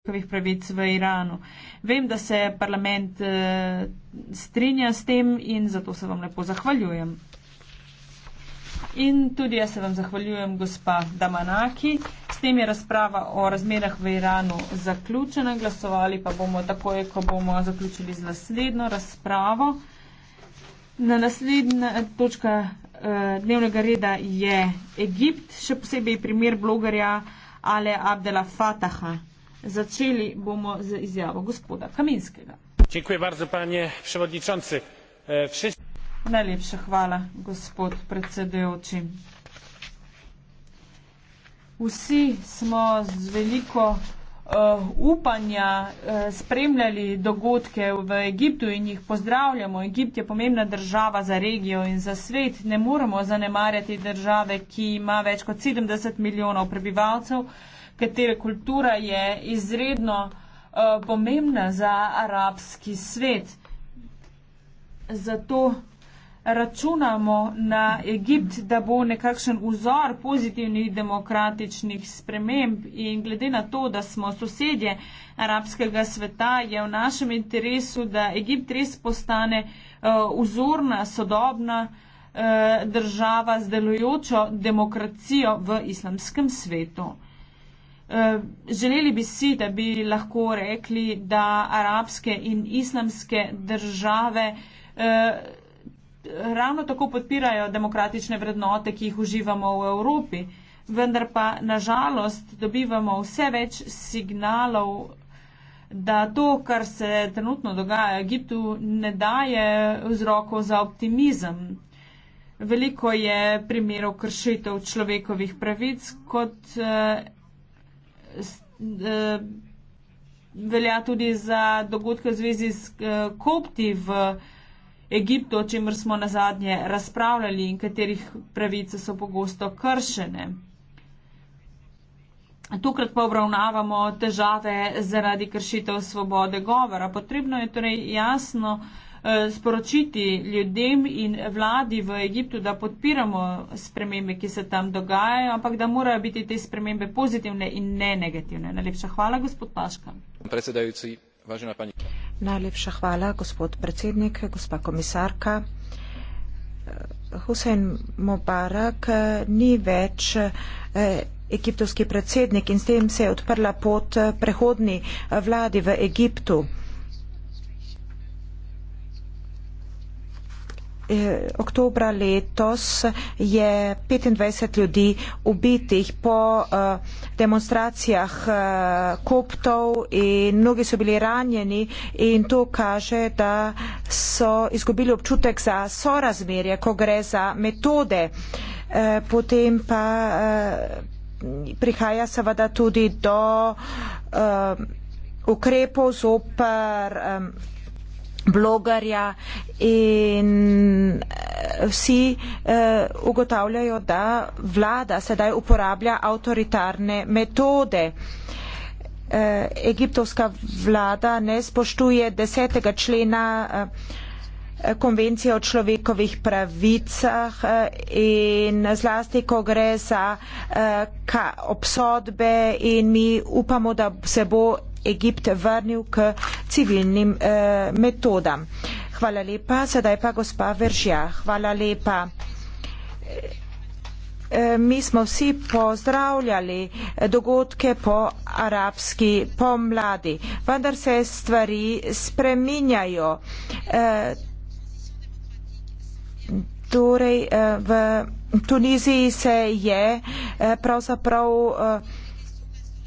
človekovih pravic v Iranu. Vem, da se parlament eh, strinja s tem in zato se vam lepo zahvaljujem. In tudi jaz se vam zahvaljujem, gospa Damanaki. S tem je razprava o razmerah v Iranu zaključena. Glasovali pa bomo takoj, ko bomo zaključili z naslednjo razpravo. Na naslednja eh, točka eh, dnevnega reda je Egipt, še posebej primer blogerja Ale Abdela Fataha. Začeli bomo z izjavo gospoda Kaminskega. Dziękuję bardzo, panie przewodniczący. E, wszyscy... Najlepša hvala, gospod predsedujoči. Vsi smo z veliko uh, upanja uh, spremljali dogodke v Egiptu in jih pozdravljamo. Egipt je pomembna država za regijo in za svet. Ne moremo zanemarjati države, ki ima več kot 70 milijonov prebivalcev. Uh, katere kultura je izredno uh, pomembna za arabski svet. Zato računamo na Egipt, da bo nekakšen vzor pozitivnih demokratičnih sprememb in glede na to, da smo sosedje arabskega sveta, je v našem interesu, da Egipt res postane uh, vzorna, sodobna uh, država z delujočo demokracijo v islamskem svetu. Eh, želeli bi si, da bi lahko rekli, da arabske in islamske države eh, ravno tako podpirajo demokratične vrednote, ki jih uživamo v Evropi. Vendar pa nažalost dobivamo vse več signalov, da to, kar se trenutno dogaja v Egiptu, ne daje vzrokov za optimizem. Veliko je primerov kršitev človekovih pravic, kot eh, E, velja tudi za dogodke v zvezi s e, kopti v Egiptu, o čemer smo na zadnje razpravljali in katerih pravice so pogosto kršene. Tokrat pa obravnavamo težave zaradi kršitev svobode govora. Potrebno je torej jasno uh, Eh, sporočiti ljudem in vladi v Egiptu, da podpiramo spremembe, ki se tam dogajajo, ampak da morajo biti te spremembe pozitivne in ne negativne. Najlepša hvala, gospod Paška. Najlepša hvala, gospod predsednik, gospa komisarka. Hussein Mubarak eh, ni več eh, egiptovski predsednik in s tem se je odprla pot prehodni vladi v Egiptu. Eh, oktobra letos je 25 ljudi ubitih po uh, demonstracijah uh, koptov in mnogi so bili ranjeni in to kaže, da so izgubili občutek za sorazmerje, ko gre za metode. Uh, potem pa uh, prihaja seveda tudi do uh, ukrepov zopr. Um, blogarja in eh, vsi eh, ugotavljajo, da vlada sedaj uporablja avtoritarne metode. Eh, egiptovska vlada ne spoštuje desetega člena eh, konvencije o človekovih pravicah eh, in zlasti, ko gre za eh, ka, obsodbe in mi upamo, da se bo Egipt vrnil k civilnim eh, metodam. Hvala lepa. Sedaj pa gospa Veržja. Hvala lepa. Eh, mi smo vsi pozdravljali dogodke po arabski pomladi, vendar se stvari spreminjajo. Eh, torej, eh, v Tuniziji se je pravzaprav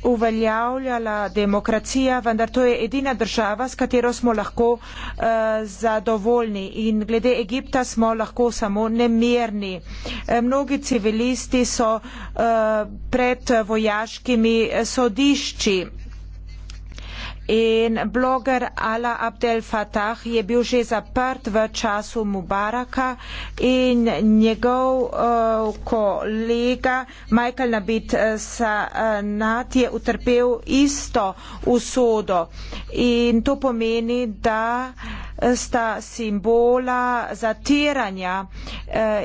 uveljavljala demokracija, vendar to je edina država, s katero smo lahko uh, zadovoljni. In glede Egipta smo lahko samo nemirni. Eh, mnogi civilisti so uh, pred vojaškimi sodišči. Uh, in bloger Ala Abdel Fattah je bil že zaprt v času Mubaraka in njegov uh, kolega Michael Nabit eh, Sanat je utrpel isto usodo in to pomeni, da eh, sta simbola zatiranja uh,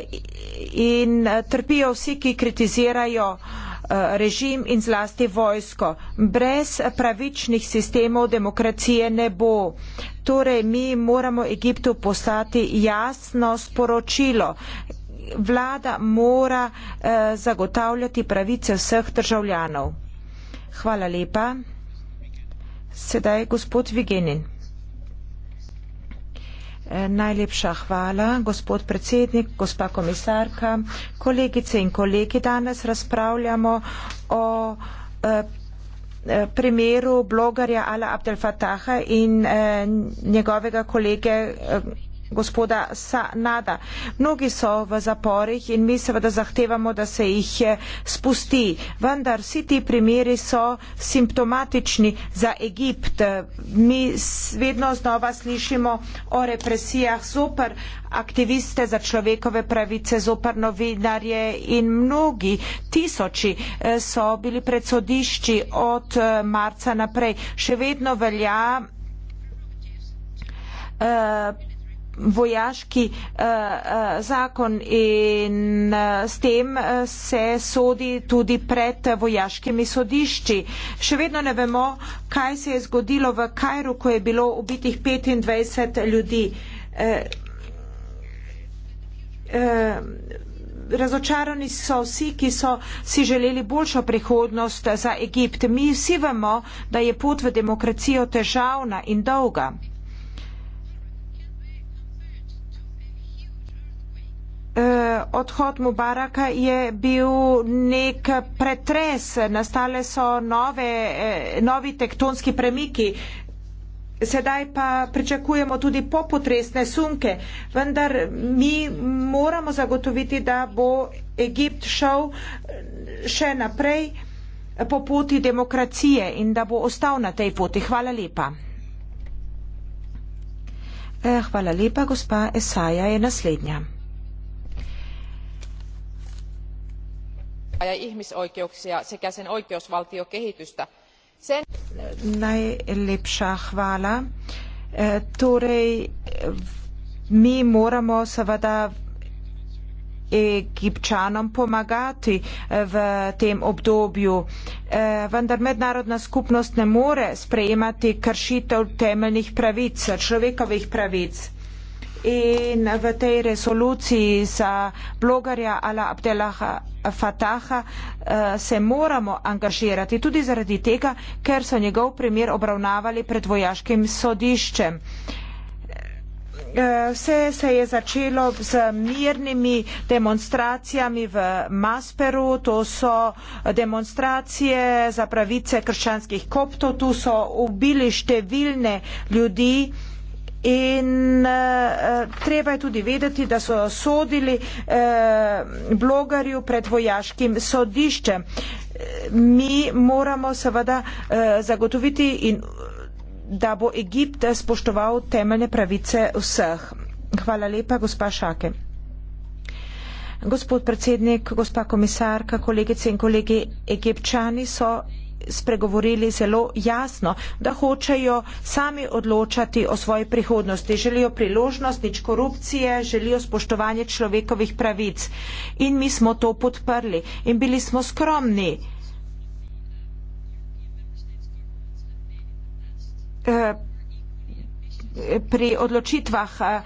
in trpijo vsi, ki kritizirajo uh, Eh, režim in zlasti vojsko. Brez pravičnih sistemov demokracije ne bo. Torej, mi moramo Egiptu poslati jasno sporočilo. Vlada mora eh, zagotavljati pravice vseh državljanov. Hvala lepa. Sedaj je gospod Vigenin. Eh, najlepša hvala, gospod predsednik, gospa komisarka, kolegice in kolegi. Danes razpravljamo o eh, primeru blogarja Ala Abdel Fataha in eh, njegovega kolege gospoda Sanada. Mnogi so v zaporih in mi seveda zahtevamo, da se jih eh, spusti. Vendar vsi ti primeri so simptomatični za Egipt. Mi vedno znova slišimo o represijah zoper aktiviste za človekove pravice, zoper novinarje in mnogi tisoči eh, so bili pred sodišči od eh, marca naprej. Še vedno velja uh, vojaški eh, eh, zakon in eh, s tem se sodi tudi pred vojaškimi sodišči. Še vedno ne vemo, kaj se je zgodilo v Kajru, ko je bilo ubitih 25 ljudi. Razočarani so vsi, ki so si želeli boljšo prihodnost za Egipt. Mi vsi vemo, da je pot v demokracijo težavna in dolga. Eh, odhod Mubaraka je bil nek pretres, nastale so nove, eh, novi tektonski premiki. Sedaj pa pričakujemo tudi popotresne sunke, vendar mi moramo zagotoviti, da bo Egipt šel eh, še naprej po poti demokracije in da bo ostal na tej poti. Hvala lepa. Hvala lepa, gospa Esaja je naslednja. politiikkaa ja ihmisoikeuksia sekä sen oikeusvaltiokehitystä. E, torej, mi moramo seveda egipčanom pomagati e, v tem obdobju e, vendar mednarodna skupnost ne more sprejemati kršitev temeljnih pravic človekovih pravic in v tej rezoluciji za blogarja Ala Abdelaha Fataha eh, se moramo angažirati tudi zaradi tega, ker so njegov primer obravnavali pred vojaškim sodiščem. Eh, vse se je začelo z mirnimi demonstracijami v Masperu, to so demonstracije za pravice krščanskih koptov, tu so ubili številne ljudi. In uh, treba je tudi vedeti, da so sodili uh, eh, blogarju pred vojaškim sodiščem. Mi moramo seveda uh, zagotoviti, in, da bo Egipt spoštoval temeljne pravice vseh. Hvala lepa, gospa Šake. Gospod predsednik, gospa komisarka, kolegice in kolegi, egipčani so spregovorili zelo jasno, da hočejo sami odločati o svoji prihodnosti. Želijo priložnost, nič korupcije, želijo spoštovanje človekovih pravic. In mi smo to podprli. In bili smo skromni. E, pri odločitvah, eh, eh,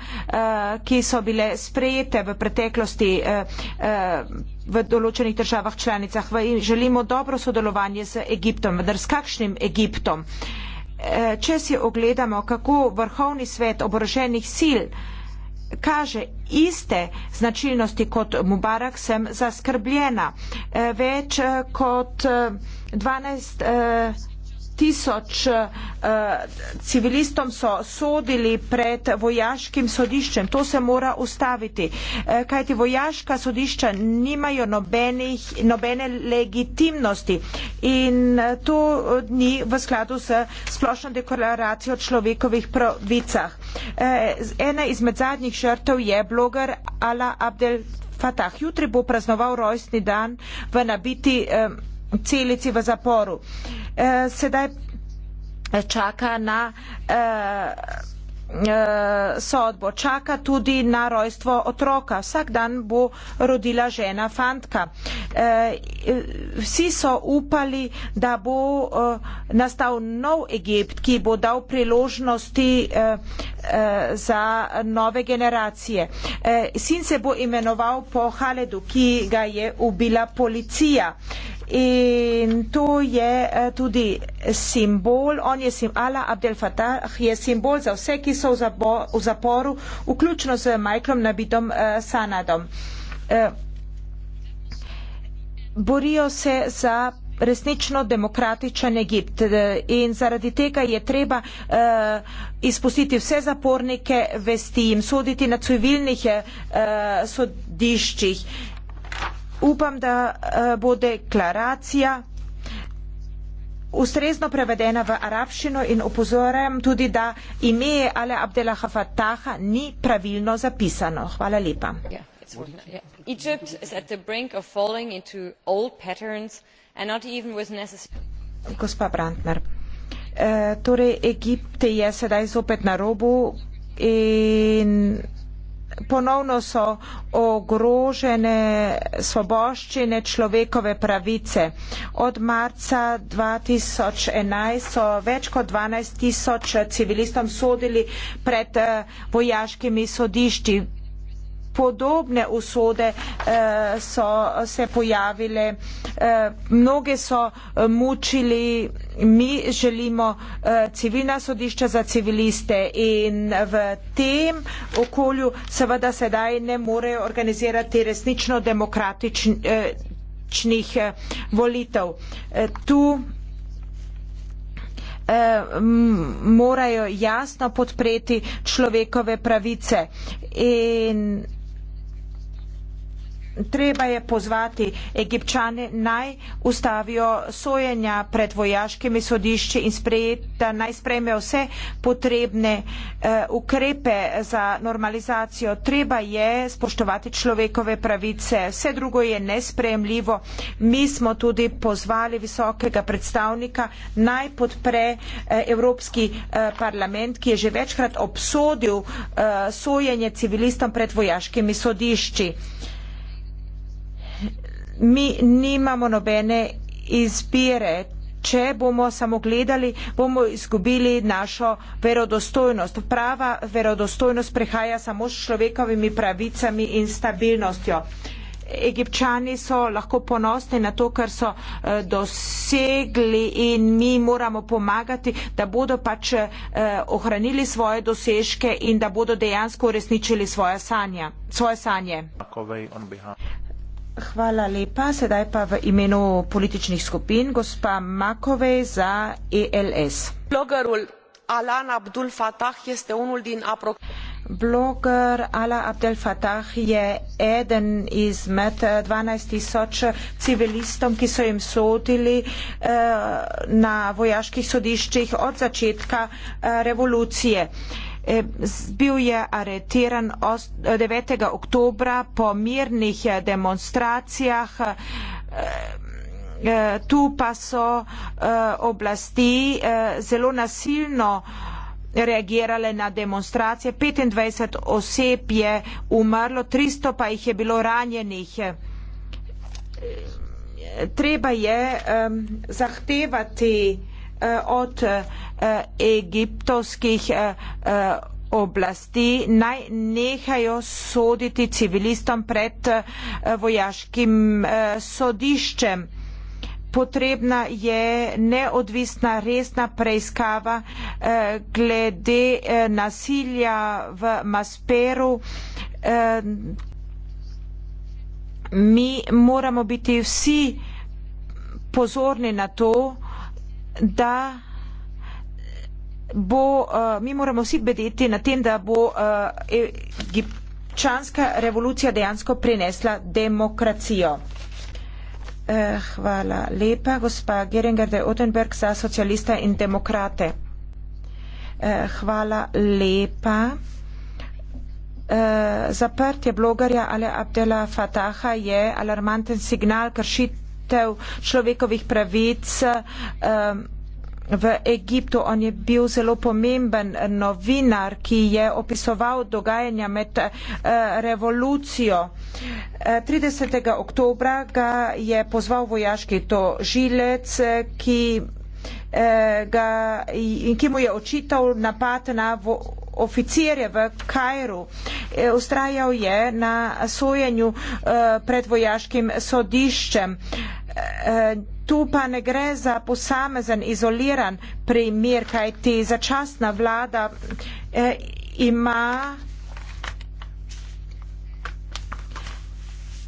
ki so bile sprejete v preteklosti eh, v določenih državah članicah. Želimo dobro sodelovanje z Egiptom, vendar s kakšnim Egiptom? Če si ogledamo, kako vrhovni svet oboroženih sil kaže iste značilnosti kot Mubarak, sem zaskrbljena. Več kot 12 tisoč eh, civilistom so sodili pred vojaškim sodiščem. To se mora ustaviti, eh, kajti vojaška sodišča nimajo nobenih, nobene legitimnosti in eh, to ni v skladu s splošno deklaracijo o človekovih pravicah. Ena izmed zadnjih žrtev je bloger Ala Abdel Fatah. Jutri bo praznoval rojstni dan v nabiti eh, celici v zaporu. E, sedaj čaka na e, e, sodbo, čaka tudi na rojstvo otroka. Vsak dan bo rodila žena fantka. Vsi so upali, da bo nastal nov Egipt, ki bo dal priložnosti za nove generacije. Sin se bo imenoval po Haledu, ki ga je ubila policija. In to je eh, tudi simbol, on je simbol, Allah Abdel Fattah je simbol za vse, ki so v, zapo, v zaporu, vključno z Michaelom Nabitom uh, eh, Sanadom. Uh, borijo se za resnično demokratičen Egipt in zaradi tega je treba uh, izpustiti vse zapornike, vesti jim, soditi na civilnih uh, sodiščih. Uh, upam, da eh, bo deklaracija ustrezno prevedena v arabščino in upozorjam tudi, da ime Ale Abdelaha Fataha ni pravilno zapisano. Hvala lepa. Gospa Brandner, eh, torej Egipt je sedaj zopet na robu in ponovno so ogrožene svoboščine človekove pravice. Od marca 2011 so več kot 12 tisoč civilistom sodili pred eh, vojaškimi sodišči podobne usode eh, so se pojavile. Eh, mnoge so eh, mučili. Mi želimo civilna sodišča za civiliste in v tem okolju seveda sedaj ne morejo organizirati resnično demokratičnih volitev. Tu morajo jasno podpreti človekove pravice. In Treba je pozvati egipčane naj ustavijo sojenja pred vojaškimi sodišči in sprejeta, naj sprejme vse potrebne uh, ukrepe za normalizacijo. Treba je spoštovati človekove pravice. Vse drugo je nespremljivo. Mi smo tudi pozvali visokega predstavnika naj podpre uh, Evropski uh, parlament, ki je že večkrat obsodil uh, sojenje civilistom pred vojaškimi sodišči mi nimamo nobene izbire. Če bomo samo gledali, bomo izgubili našo verodostojnost. Prava verodostojnost prehaja samo s človekovimi pravicami in stabilnostjo. Egipčani so lahko ponosni na to, kar so eh, dosegli in mi moramo pomagati, da bodo pač eh, ohranili svoje dosežke in da bodo dejansko uresničili svoje sanje. Svoje sanje. Hvala lepa. Sedaj pa v imenu političnih skupin gospa Makovej za ELS. Blogerul Alan Abdul Fatah je unul din aprok. Bloger Ala Abdel Fatah je eden izmed 12 tisoč civilistom, ki so jim sodili eh, na vojaških sodiščih od začetka eh, revolucije. Eh, Eh, bil je aretiran 9. Eh, oktobra po mirnih eh, demonstracijah. Tu pa so oblasti zelo nasilno reagirale na demonstracije. 25 oseb je umrlo, 300 pa jih je bilo ranjenih. Treba je um, zahtevati uh, Eh, od eh, egiptovskih eh, oblasti naj nehajo soditi civilistom pred vojaškim sodiščem. Potrebna je neodvisna resna preiskava glede nasilja v Masperu. Mi moramo biti vsi pozorni na to, da bo, eh, mi moramo vsi bedeti na tem, da bo eh, egipčanska revolucija dejansko prinesla demokracijo. Eh, hvala lepa, gospa Geringer de Ottenberg za socialista in demokrate. Hvala lepa. Zaprtje blogarja Ale Abdela Fataha je alarmanten signal kršit kršitev človekovih pravic. Um, V Egiptu on je bil zelo pomemben novinar, ki je opisoval dogajanja med eh, revolucijo. Eh, 30. oktobra ga je pozval vojaški tožilec, ki, eh, ki mu je očital napad na vo, oficirje v Kajru. E, eh, ustrajal je na sojenju eh, pred vojaškim sodiščem. Eh, tu pa ne gre za posamezen izoliran primer, kajti začasna vlada eh, ima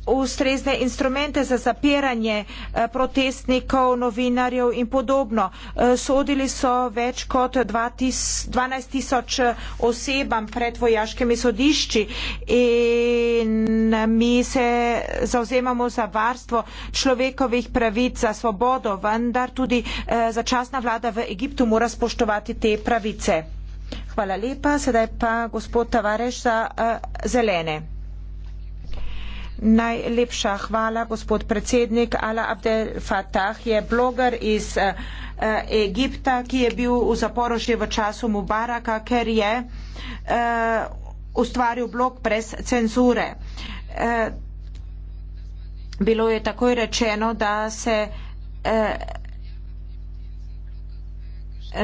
ustrezne instrumente za zapiranje eh, protestnikov, novinarjev in podobno. Eh, sodili so več kot 12 tisoč eh, osebam pred vojaškimi sodišči in mi se zauzemamo za varstvo človekovih pravic, za svobodo, vendar tudi začasna vlada v Egiptu mora spoštovati te pravice. Hvala lepa, sedaj pa gospod Tavareš za uh, zelene. Najlepša hvala, gospod predsednik. Ala Abdel Fattah je bloger iz uh, Egipta, ki je bil v zaporu že v času Mubaraka, ker je uh, ustvaril blog brez cenzure. Uh, bilo je takoj rečeno, da se uh,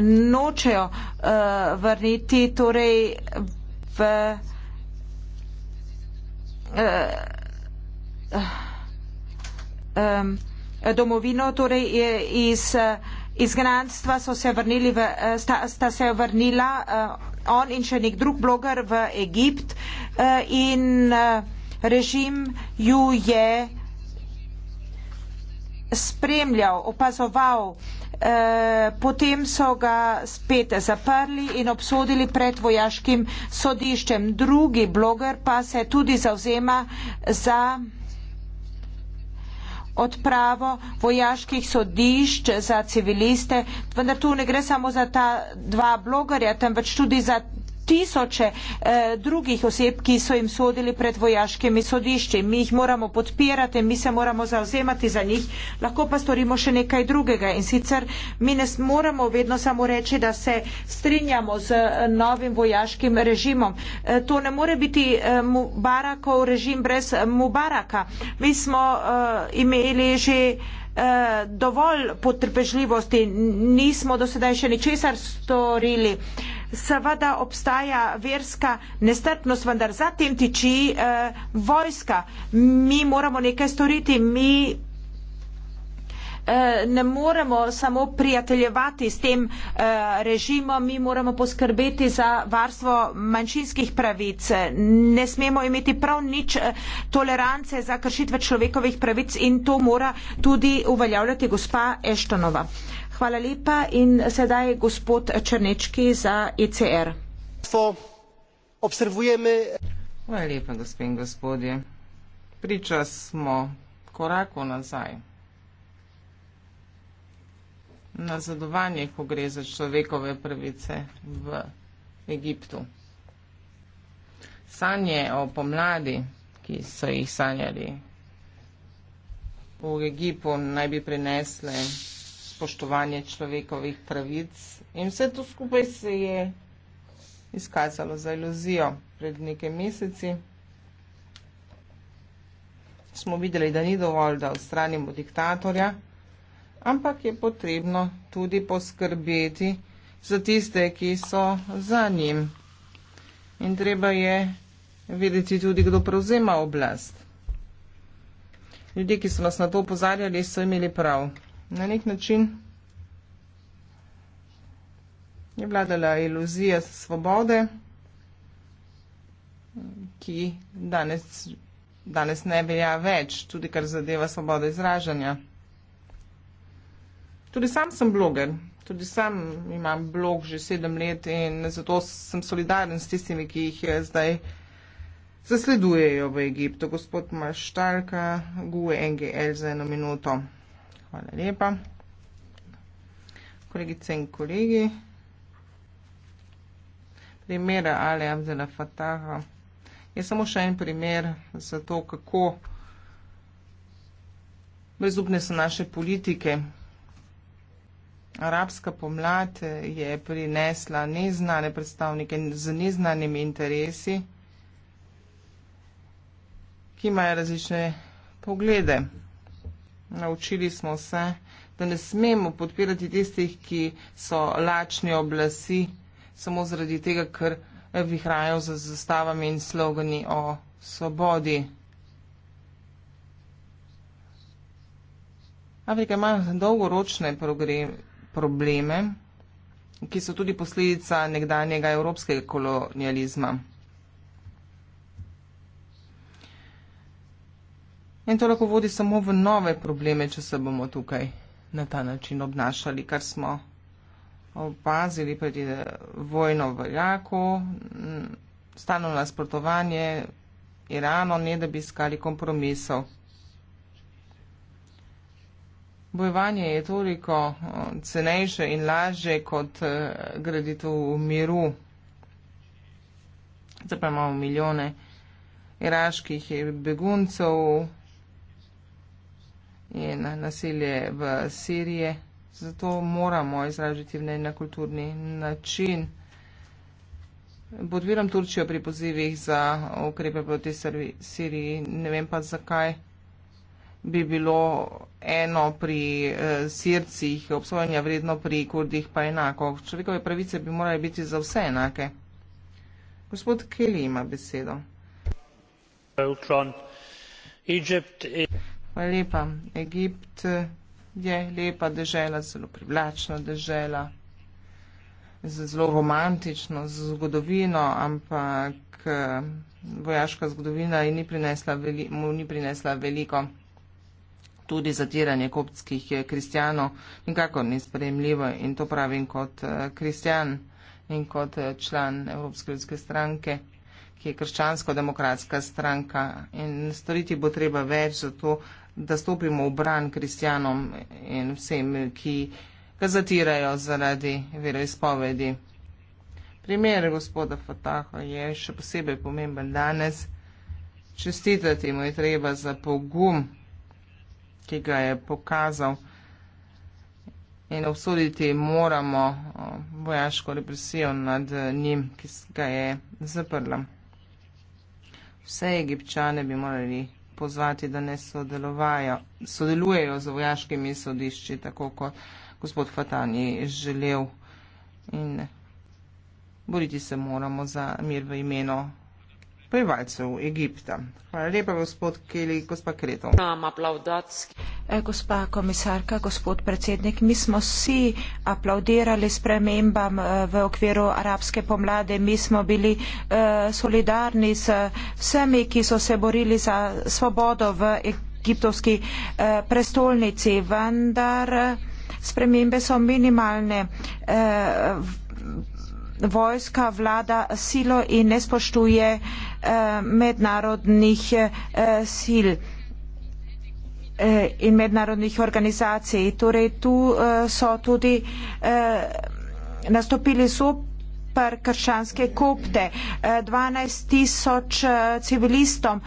nočejo uh, vrniti torej v. Uh, Ehm, domovino, torej iz izgnanstva so se vrnili, v, sta, sta se vrnila eh, on in še nek drug bloger v Egipt eh, in eh, režim ju je spremljal, opazoval. Potem so ga spet zaprli in obsodili pred vojaškim sodiščem. Drugi bloger pa se tudi zauzema za odpravo vojaških sodišč za civiliste, vendar tu ne gre samo za ta dva blogerja, temveč tudi za tisoče e, drugih oseb, ki so jim sodili pred vojaškimi sodišči. Mi jih moramo podpirati, mi se moramo zauzemati za njih, lahko pa storimo še nekaj drugega. In sicer mi ne moramo vedno samo reči, da se strinjamo z eh, novim vojaškim režimom. E, to ne more biti e, Mubarakov režim brez Mubaraka. Mi smo e, imeli že dovolj potrpežljivosti, nismo do sedaj še ničesar storili seveda obstaja verska nestrpnost, vendar za tem tiči eh, vojska. Mi moramo nekaj storiti, mi eh, Ne moremo samo prijateljevati s tem eh, režimom, mi moramo poskrbeti za varstvo manjšinskih pravic. Ne smemo imeti prav nič eh, tolerance za kršitve človekovih pravic in to mora tudi uveljavljati gospa Eštonova. Hvala lepa in sedaj gospod Črnečki za ECR. Hvala lepa, gospe in gospodje. Priča smo koraku nazaj. Na zadovanje, ko gre za človekove pravice v Egiptu. Sanje o pomladi, ki so jih sanjali v Egipu, naj bi prinesle spoštovanje človekovih pravic in vse to skupaj se je izkazalo za iluzijo pred nekaj meseci. Smo videli, da ni dovolj, da odstranimo diktatorja, ampak je potrebno tudi poskrbeti za tiste, ki so za njim. In treba je vedeti tudi, kdo prevzema oblast. Ljudje, ki so nas na to opozarjali, so imeli prav na nek način je vladala iluzija svobode, ki danes, danes ne velja več, tudi kar zadeva svobodo izražanja. Tudi sam sem bloger, tudi sam imam blog že sedem let in zato sem solidaren s tistimi, ki jih je eh, zdaj. Zasledujejo v Egiptu gospod Maštalka, GUE NGL za eno minuto. Hvala lepa. Kolegice in kolegi, primer Ale Abdela Fataha je samo še en primer za to, kako brezupne so naše politike. Arabska pomlad je prinesla neznane predstavnike z neznanimi interesi, ki imajo različne poglede. Naučili smo se, da ne smemo podpirati tistih, ki so lačni oblasti, samo zaradi tega, ker vihrajo za zastavami in slogani o svobodi. Afrika ima dolgoročne probleme, ki so tudi posledica nekdanjega evropskega kolonializma. In to lahko vodi samo v nove probleme, če se bomo tukaj na ta način obnašali, kar smo opazili pred eh, vojno v Iraku, mm, stano nasprotovanje Irano, ne da bi iskali kompromisov. Bojevanje je toliko eh, cenejše in lažje kot eh, graditev v miru. Zdaj pa imamo milijone iraških beguncev, in nasilje v Siriji. Zato moramo izražiti mnenje na kulturni način. Podviram Turčijo pri pozivih za ukrepe proti Siriji, ne vem pa zakaj bi bilo eno pri eh, Sircih obsojanja vredno, pri Kurdih pa enako. Človekove pravice bi morale biti za vse enake. Gospod Kelly ima besedo. Hvala lepa. Egipt je lepa dežela, zelo privlačna dežela, zelo romantično, z zgodovino, ampak vojaška zgodovina ji ni prinesla veliko, mu ni prinesla veliko. Tudi zatiranje koptskih kristijanov nikakor ni sprejemljivo in to pravim kot kristijan in kot član Evropske ljudske stranke ki je krščansko-demokratska stranka in storiti bo treba več za to, da stopimo v bran kristjanom in vsem, ki ga zatirajo zaradi veroizpovedi. Primer gospoda Fataha je še posebej pomemben danes. Čestitati mu je treba za pogum, ki ga je pokazal in obsoditi moramo uh, vojaško represijo nad njim, ki ga je zaprla vse egipčane bi morali pozvati, da ne sodelujejo z vojaškimi sodišči, tako kot gospod Fatan je želel. In boriti se moramo za mir v imeno prebivalcev Egipta. Hvala lepa, gospod Keli, gospa Kreto. E, gospa komisarka, gospod predsednik, mi smo vsi aplaudirali spremembam e, v okviru arabske pomlade. Mi smo bili e, solidarni s vsemi, ki so se borili za svobodo v egiptovski prestolnici, vendar spremembe so minimalne vojska vlada silo in ne spoštuje eh, mednarodnih eh, sil eh, in mednarodnih organizacij. Torej, tu so tudi nastopili super krščanske kopte. 12 tisoč civilistom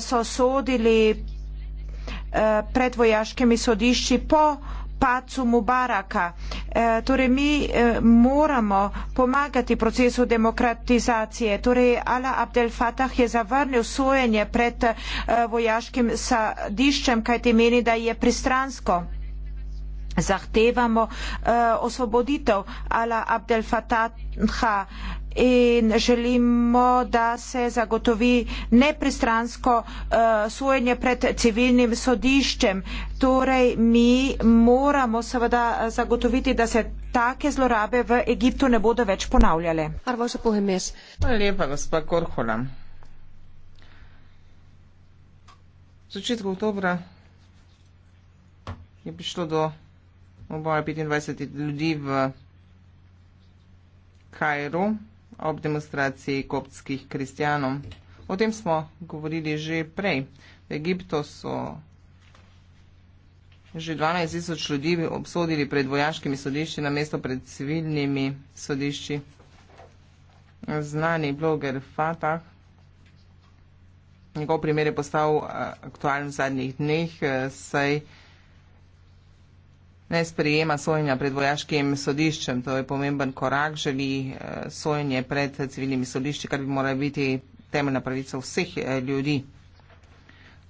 so sodili pred vojaškimi sodišči po pacu Mubaraka. E, torej, mi e, moramo pomagati procesu demokratizacije. Torej, Ala Abdel Fattah je zavrnil sojenje pred e, vojaškim sadiščem, kaj ti meni, da je pristransko. Zahtevamo e, osvoboditev Ala Abdel Fattaha in želimo, da se zagotovi nepristransko uh, sojenje pred civilnim sodiščem. Torej, mi moramo seveda zagotoviti, da se take zlorabe v Egiptu ne bodo več ponavljale. Hvala lepa, gospa Korhola. V začetku oktobra je prišlo do oboja 25 ljudi v Kajru ob demonstraciji koptskih kristijanov. O tem smo govorili že prej. V Egiptu so že 12 tisoč ljudi obsodili pred vojaškimi sodišči na mesto pred civilnimi sodišči. Znani bloger Fatah. Njegov primer je postal eh, aktualen v zadnjih dneh, eh, saj je ne sprejema sojenja pred vojaškim sodiščem. To je pomemben korak, želi eh, sojenje pred civilnimi sodišči, kar bi morala biti temeljna pravica vseh eh, ljudi.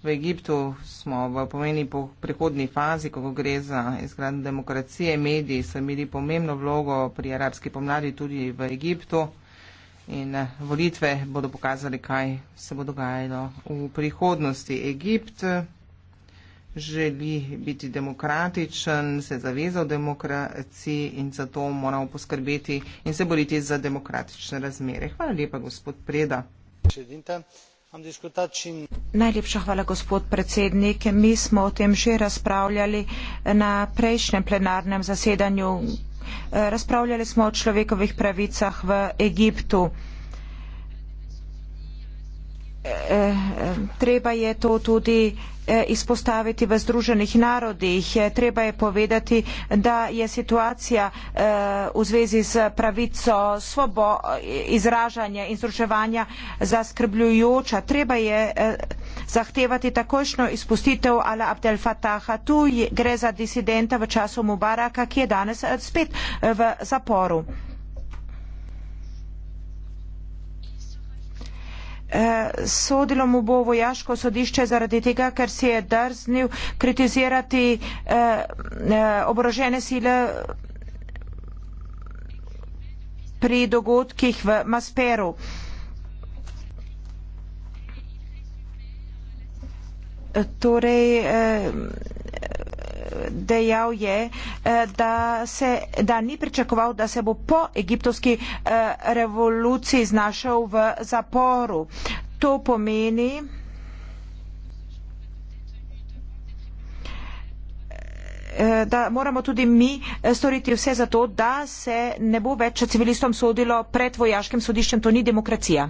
V Egiptu smo v pomeni po prihodni fazi, ko gre za izgradnjo demokracije, mediji so imeli pomembno vlogo pri arabski pomladi tudi v Egiptu in eh, volitve bodo pokazali, kaj se bo dogajalo v prihodnosti. Egipt želi biti demokratičen, se zaveza v demokraciji in zato moramo poskrbeti in se boriti za demokratične razmere. Hvala lepa, gospod Preda. Najlepša hvala, gospod predsednik. Mi smo o tem že razpravljali na prejšnjem plenarnem zasedanju. Razpravljali smo o človekovih pravicah v Egiptu. Eh, eh, treba je to tudi eh, izpostaviti v Združenih narodih. Treba je povedati, da je situacija v zvezi z pravico svobo izražanja in združevanja zaskrbljujoča. Treba je zahtevati takošno izpustitev Ala Abdel Fataha. Tu gre za disidenta v času Mubaraka, ki je danes spet v zaporu. Eh, sodilo mu bo vojaško sodišče zaradi tega, ker si je drznil kritizirati eh, eh, oborožene sile pri dogodkih v Masperu. Torej, dejal je, eh, da, se, da ni pričakoval, da se bo po egiptovski eh, revoluciji znašel v zaporu. To pomeni, Eh, da moramo tudi mi eh, storiti vse za to, da se ne bo več civilistom sodilo pred vojaškim sodiščem. To ni demokracija.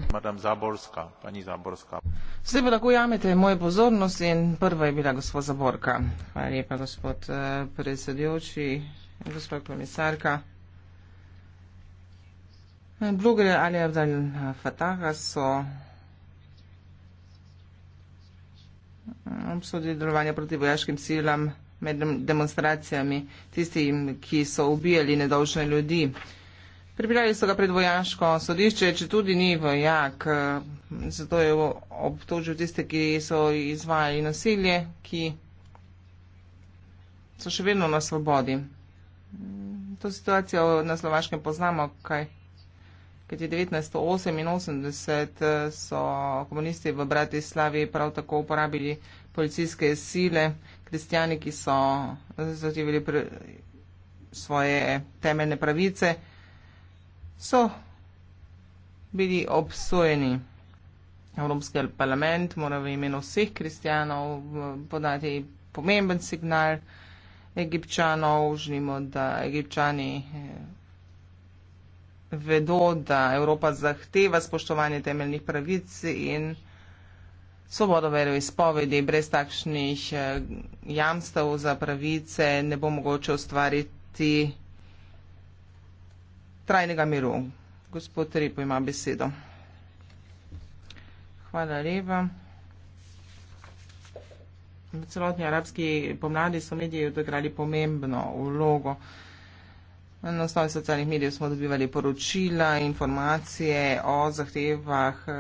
Zdaj pa tako jamete moje pozornosti in prva je bila gospod Zaborka. Hvala lepa, gospod eh, predsedujoči, gospod komisarka. Bloger Ali Abdal Fataha so obsodili delovanje proti vojaškim silam med demonstracijami, tistim, ki so ubijali nedolžne ljudi. Pripravili so ga pred vojaško sodišče, če tudi ni vojak, eh, zato je obtožil tiste, ki so izvajali nasilje, ki so še vedno na svobodi. To situacijo na Slovaškem poznamo, kaj. Kaj je 1988, so komunisti v Bratislavi prav tako uporabili policijske sile, kristijani, ki so zahtevali svoje temeljne pravice, so bili obsojeni. Evropski parlament mora v imenu vseh kristijanov eh, podati pomemben signal egipčanov. Želimo, da egipčani eh, vedo, da Evropa zahteva spoštovanje temeljnih pravic in svobodo vero izpovedi, brez takšnih eh, jamstev za pravice ne bo mogoče ustvariti trajnega miru. Gospod Ripo ima besedo. Hvala lepa. V celotni arabski pomladi so mediji odigrali pomembno vlogo. Na osnovi socialnih medijev smo dobivali poročila, informacije o zahtevah eh,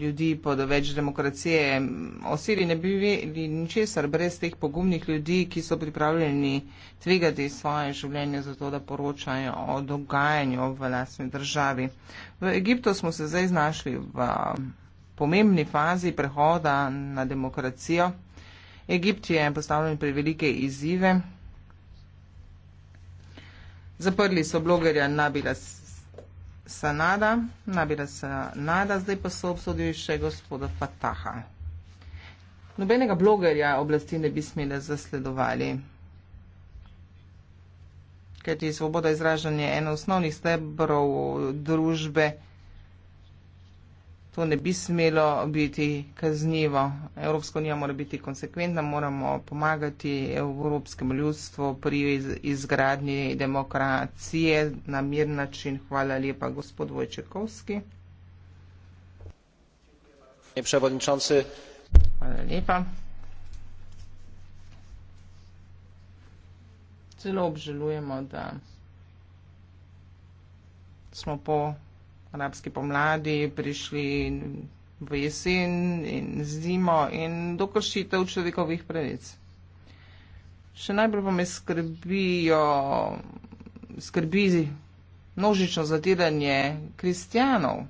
ljudi pod več demokracije. O Siriji ne bi bili ničesar brez teh pogumnih ljudi, ki so pripravljeni tvegati svoje življenje za to, da poročajo o dogajanju v lasni državi. V Egiptu smo se zdaj znašli v eh, pomembni fazi prehoda na demokracijo. Egipt je postavljen pri velike izzive. Zaprli so blogerja Nabila Sanada, Nabila Sanada, zdaj pa so obsodili še gospoda Fataha. Nobenega blogerja oblasti ne bi smele zasledovali, ker ti svoboda izražanja je eno osnovnih stebrov družbe to ne bi smelo biti kaznjivo. Evropska unija mora biti konsekventna, moramo pomagati evropskemu ljudstvu pri izgradnji demokracije na mir način. Hvala lepa, gospod Vojčekovski. Hvala lepa. Zelo obžalujemo, da smo po arabski pomladi, prišli v jesen in zimo in do kršitev človekovih pravic. Še najbolj pa me skrbijo, skrbi množično zatiranje kristjanov.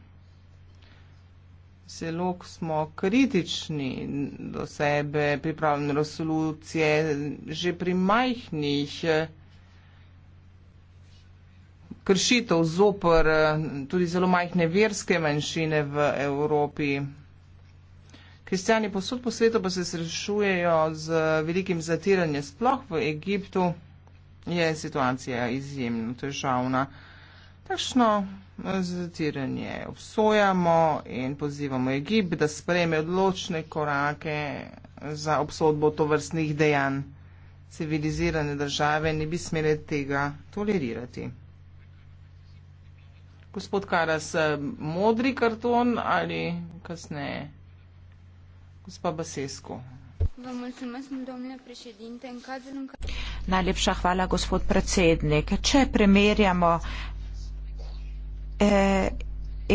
Zelo smo kritični do sebe, pripravljene resolucije, že pri majhnih kršitev zopr eh, tudi zelo majhne verske manjšine v Evropi. Kristijani posod po svetu pa se srešujejo z velikim zatiranjem, sploh v Egiptu je situacija izjemno težavna. Takšno eh, zatiranje obsojamo in pozivamo Egipt, da spreme odločne korake za obsodbo tovrstnih dejanj. Civilizirane države ne bi smele tega tolerirati gospod Karas, eh, modri karton ali kasneje? Gospa Basesko. Najlepša hvala, gospod predsednik. Če primerjamo eh,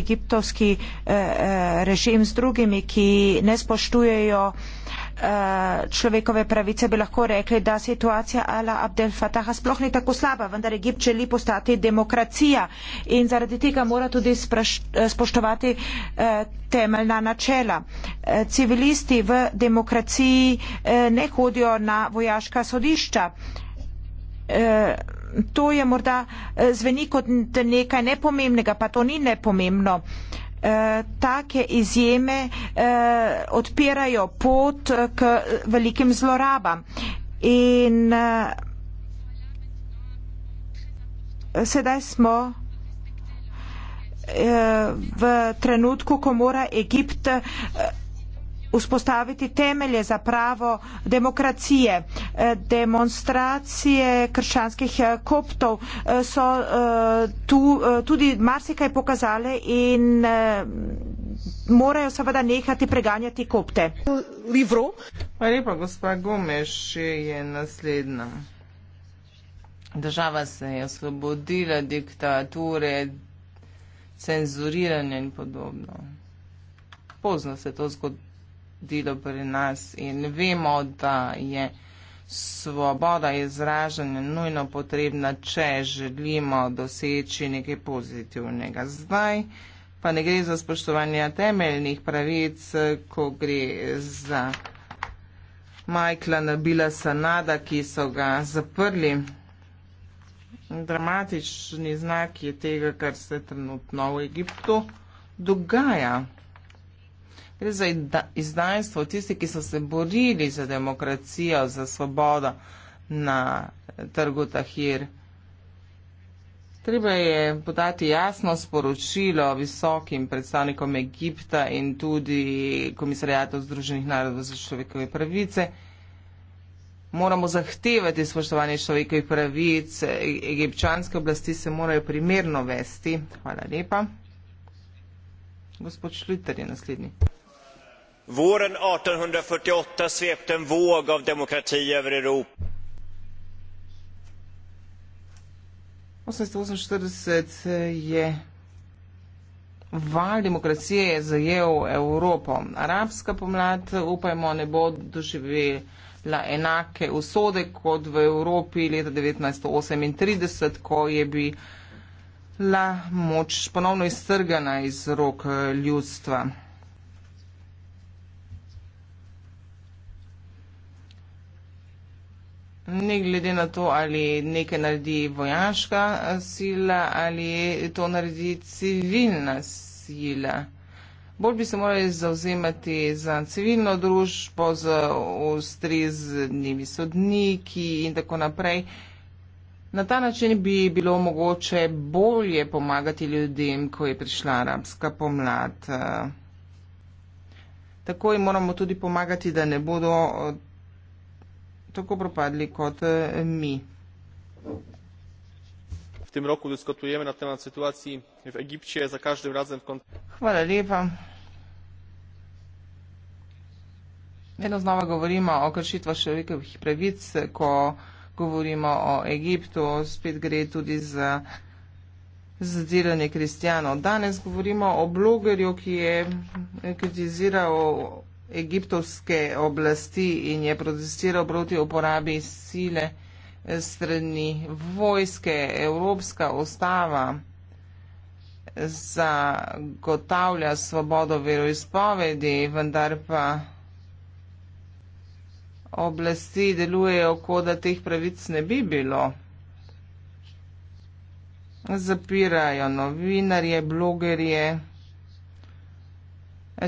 egiptovski eh, eh režim z drugimi, ki ne spoštujejo eh, Eh, človekove pravice, bi lahko rekli, da situacija Ala Abdel Fataha sploh ni tako slaba, vendar Egipt želi postati demokracija in zaradi tega mora tudi spraš, eh, spoštovati eh, temeljna načela. Civilisti v demokraciji ne hodijo na vojaška sodišča. To je morda zveni kot nekaj nepomembnega, pa to ni nepomembno eh, take izjeme eh, odpirajo pot eh, k velikim zlorabam. In eh, sedaj smo eh, v trenutku, ko mora Egipt. Eh, uspostaviti temelje za pravo demokracije. E, demonstracije krščanskih e, koptov e, so tu tudi marsikaj pokazale in morajo seveda nehati preganjati kopte. Livro. Pa lepa, gospa Gomeš je naslednja. Država se je osvobodila diktature, cenzuriranje in podobno. Pozno se je to zgodilo delo pri nas in vemo, da je svoboda izražanja nujno potrebna, če želimo doseči nekaj pozitivnega. Zdaj pa ne gre za spoštovanje temeljnih pravic, ko gre za Majkla Nabila Sanada, ki so ga zaprli. Dramatični znak je tega, kar se trenutno v Egiptu dogaja gre za izdajstvo tistih, ki so se borili za demokracijo, za svobodo na eh, trgu Tahir. Treba je podati jasno sporočilo visokim predstavnikom Egipta in tudi komisarijatu Združenih narodov za človekove pravice. Moramo zahtevati spoštovanje človekovih pravic, e, egipčanske oblasti se morajo primerno vesti. Hvala lepa. Gospod Šliter je naslednji. Våren 1848 svepte en våg av demokrati över Europa. 1848 je val demokracije zajel Evropo. Arabska pomlad, upajmo, ne bo doživela enake usode kot v Evropi leta devetnajststo osemintrideset, ko je bila moč ponovno iztrgana iz rok ljudstva. Ne glede na to, ali nekaj naredi vojaška eh, sila ali to naredi civilna sila. Bolj bi se morali zauzemati za civilno družbo, za ustreznimi sodniki in tako naprej. Na ta način bi bilo mogoče bolje pomagati ljudem, ko je prišla arabska pomlad. Tako jim moramo tudi pomagati, da ne bodo tako propadli kot eh, mi. V tem roku diskutujemo na temat situaciji v Egipčiji za každim razem v kontekstu. Hvala lepa. Vedno znova govorimo o kršitvah človekovih pravic, ko govorimo o Egiptu, spet gre tudi za zadiranje kristijanov. Danes govorimo o blogerju, ki je kritiziral egiptovske oblasti in je protestiral proti uporabi sile strani vojske. Evropska ustava zagotavlja svobodo veroizpovedi, vendar pa oblasti delujejo, kot da teh pravic ne bi bilo. Zapirajo novinarje, blogerje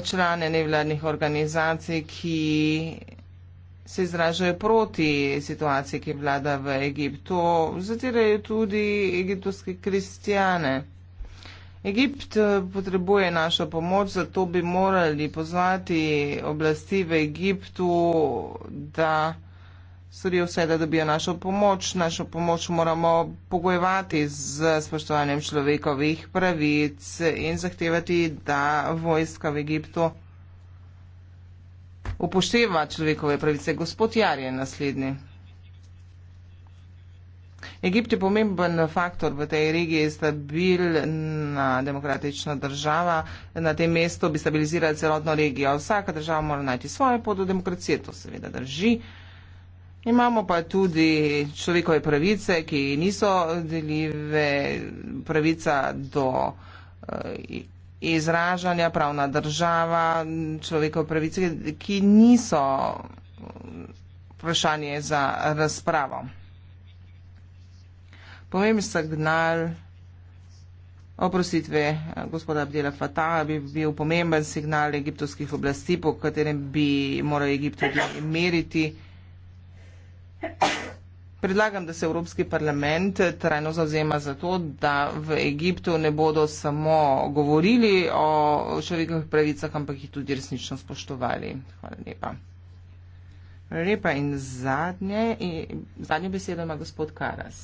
člane nevladnih organizacij, ki se izražajo proti situaciji, ki vlada v Egiptu. Zatirajo tudi egiptovske kristijane. Egipt eh, potrebuje našo pomoč, zato bi morali pozvati oblasti v Egiptu, da storijo vse, da dobijo našo pomoč. Našo pomoč moramo pogojevati z spoštovanjem človekovih pravic in zahtevati, da vojska v Egiptu upošteva človekove pravice. Gospod Jar je naslednji. Egipt je pomemben faktor v tej regiji, je stabilna demokratična država, na tem mestu bi stabilizirala celotno regijo. Vsaka država mora najti svojo pot do demokracije, to seveda drži. Imamo pa tudi človekove pravice, ki niso deljive, pravica do eh, izražanja, pravna država, človekove pravice, ki niso eh, vprašanje za razpravo. Pomembni signal oprostitve eh, gospoda Abdela Fataha bi bil pomemben signal egiptovskih oblasti, po katerem bi moral Egipt tudi meriti. Predlagam, da se Evropski parlament trajno zauzema za to, da v Egiptu ne bodo samo govorili o človekovih pravicah, ampak jih tudi resnično spoštovali. Hvala lepa. Hvala lepa in zadnje, in zadnje besedo ima gospod Karas.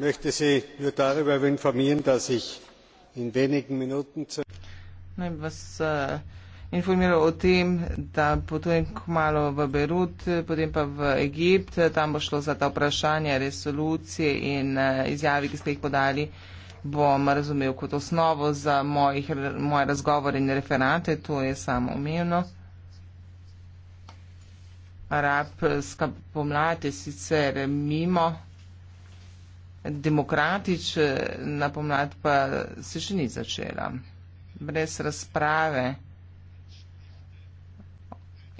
Möchte Sie nur darüber informieren, dass ich in wenigen Minuten zu. Nein, was, äh eh, informiral o tem, da potujem kmalo v Berut, potem pa v Egipt. Tam bo šlo za ta vprašanja, resolucije in eh, izjavi, ki ste jih podali, bom razumel kot osnovo za mojih, moje razgovore in referate. To je samo umevno. Arabska pomlad je sicer mimo demokratična pomlad pa se še ni začela. Brez razprave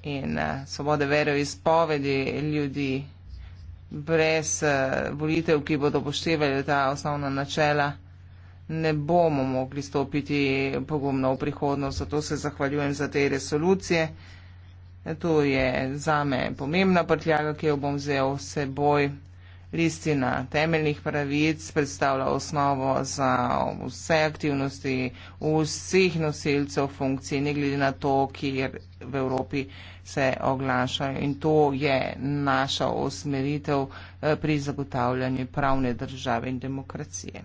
in uh, svobode vero izpovedi ljudi brez uh, volitev, ki bodo poštevali ta osnovna načela, ne bomo mogli stopiti pogumno v prihodnost. Zato se zahvaljujem za te resolucije. To je zame pomembna prtljaga, ki jo bom vzel s seboj listina temeljnih pravic predstavlja osnovo za vse aktivnosti vseh nosilcev funkcij, ne glede na to, kjer v Evropi se oglašajo. In to je naša osmeritev eh, pri zagotavljanju pravne države in demokracije.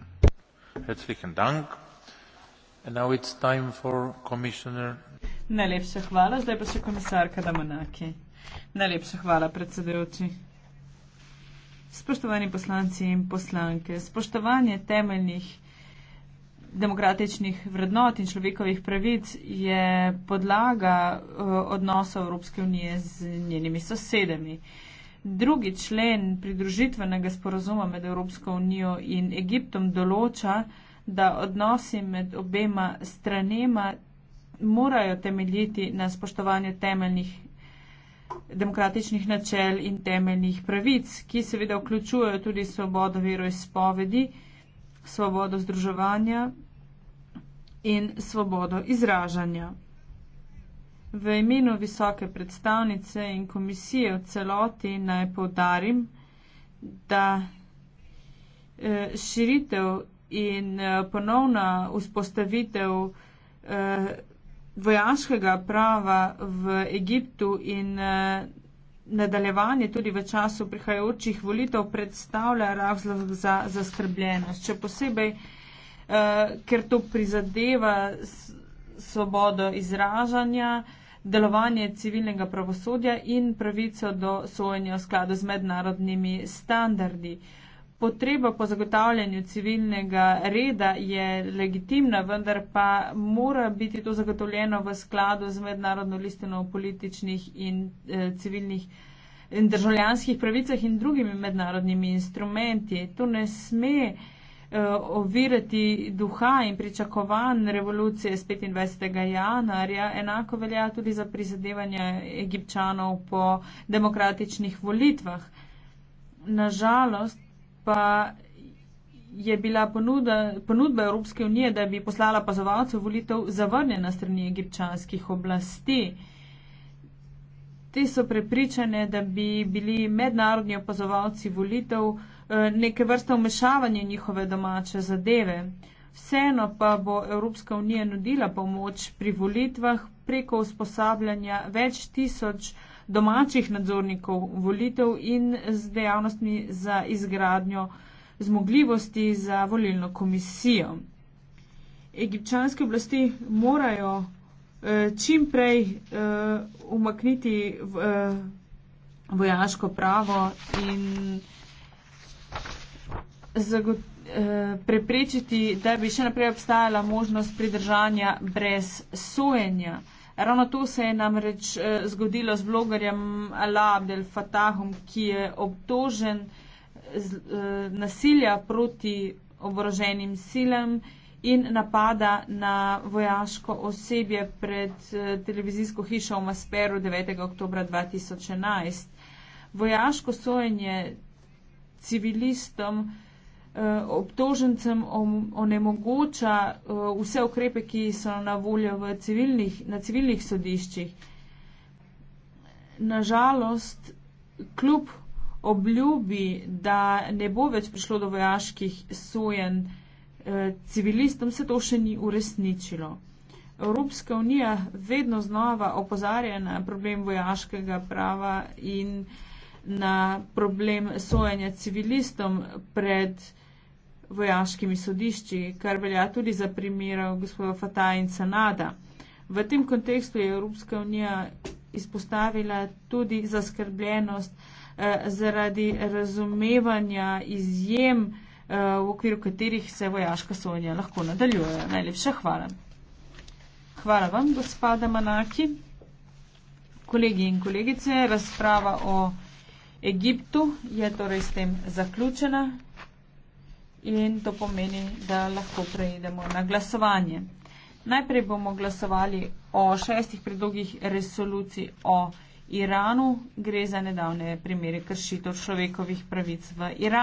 Najlepša hvala, zdaj pa še komisarka Damanaki. Najlepša hvala, predsedujoči spoštovani poslanci in poslanke, spoštovanje temeljnih demokratičnih vrednot in človekovih pravic je podlaga eh, odnosa Evropske unije z njenimi sosedami. Drugi člen pridružitvenega sporozuma med Evropsko unijo in Egiptom določa, da odnosi med obema stranema morajo temeljiti na spoštovanju temeljnih demokratičnih načel in temeljnih pravic, ki seveda vključujejo tudi svobodo veroizpovedi, svobodo združevanja in svobodo izražanja. V imenu visoke predstavnice in komisije v celoti naj povdarim, da eh, širitev in eh, ponovna vzpostavitev eh, vojaškega prava v Egiptu in eh, nadaljevanje tudi v času prihajajočih volitev predstavlja razlog za zaskrbljenost. Če posebej, eh, ker to prizadeva svobodo izražanja, delovanje civilnega pravosodja in pravico do sojenja v skladu z mednarodnimi standardi. Uh, potreba po zagotavljanju civilnega reda je legitimna, vendar pa mora biti to zagotovljeno v skladu z mednarodno listino o političnih in eh, civilnih in državljanskih pravicah in drugimi mednarodnimi instrumenti. To ne sme eh, ovirati duha in pričakovan revolucije z 25. januarja. Enako velja tudi za prizadevanja egipčanov po demokratičnih volitvah. Nažalost, pa je bila ponuda, ponudba Evropske unije, da bi poslala pazovalce volitev zavrnjena strani egipčanskih oblasti. Te so prepričane, da bi bili mednarodni opazovalci volitev eh, neke vrste vmešavanje njihove domače zadeve. Vseeno pa bo Evropska unija nudila pomoč pri volitvah preko usposabljanja več tisoč domačih nadzornikov volitev in z dejavnostmi za izgradnjo zmogljivosti za volilno komisijo. Egipčanske oblasti morajo eh, čim prej eh, umakniti v, eh, vojaško pravo in zagot, eh, preprečiti, da bi še naprej obstajala možnost pridržanja brez sojenja. Ravno to se je namreč eh, zgodilo z blogerjem Ala Abdel Fatahom, ki je obtožen z, e, nasilja proti oboroženim silam in napada na vojaško osebje pred eh, televizijsko hišo v Masperu 9. oktober 2011. Vojaško sojenje civilistom Eh, obtožencem onemogoča eh, vse ukrepe, ki so na voljo civilnih, na civilnih sodiščih. Nažalost, kljub obljubi, da ne bo več prišlo do vojaških sojen eh, civilistom, se to še ni uresničilo. Evropska unija vedno znova opozarja na problem vojaškega prava in na problem sojanja civilistom pred vojaškimi sodišči, kar velja tudi za primer gospoda Fata in Sanada. V tem kontekstu je Evropska unija izpostavila tudi zaskrbljenost eh, zaradi razumevanja izjem, eh, v okviru katerih se vojaška sonja lahko nadaljuje. Najlepša hvala. Hvala vam, gospoda Manaki. Kolegi in kolegice, razprava o Egiptu je torej s tem zaključena in to pomeni, da lahko preidemo na glasovanje. Najprej bomo glasovali o šestih predlogih resolucij o Iranu. Gre za nedavne primere kršitev človekovih pravic v Iranu.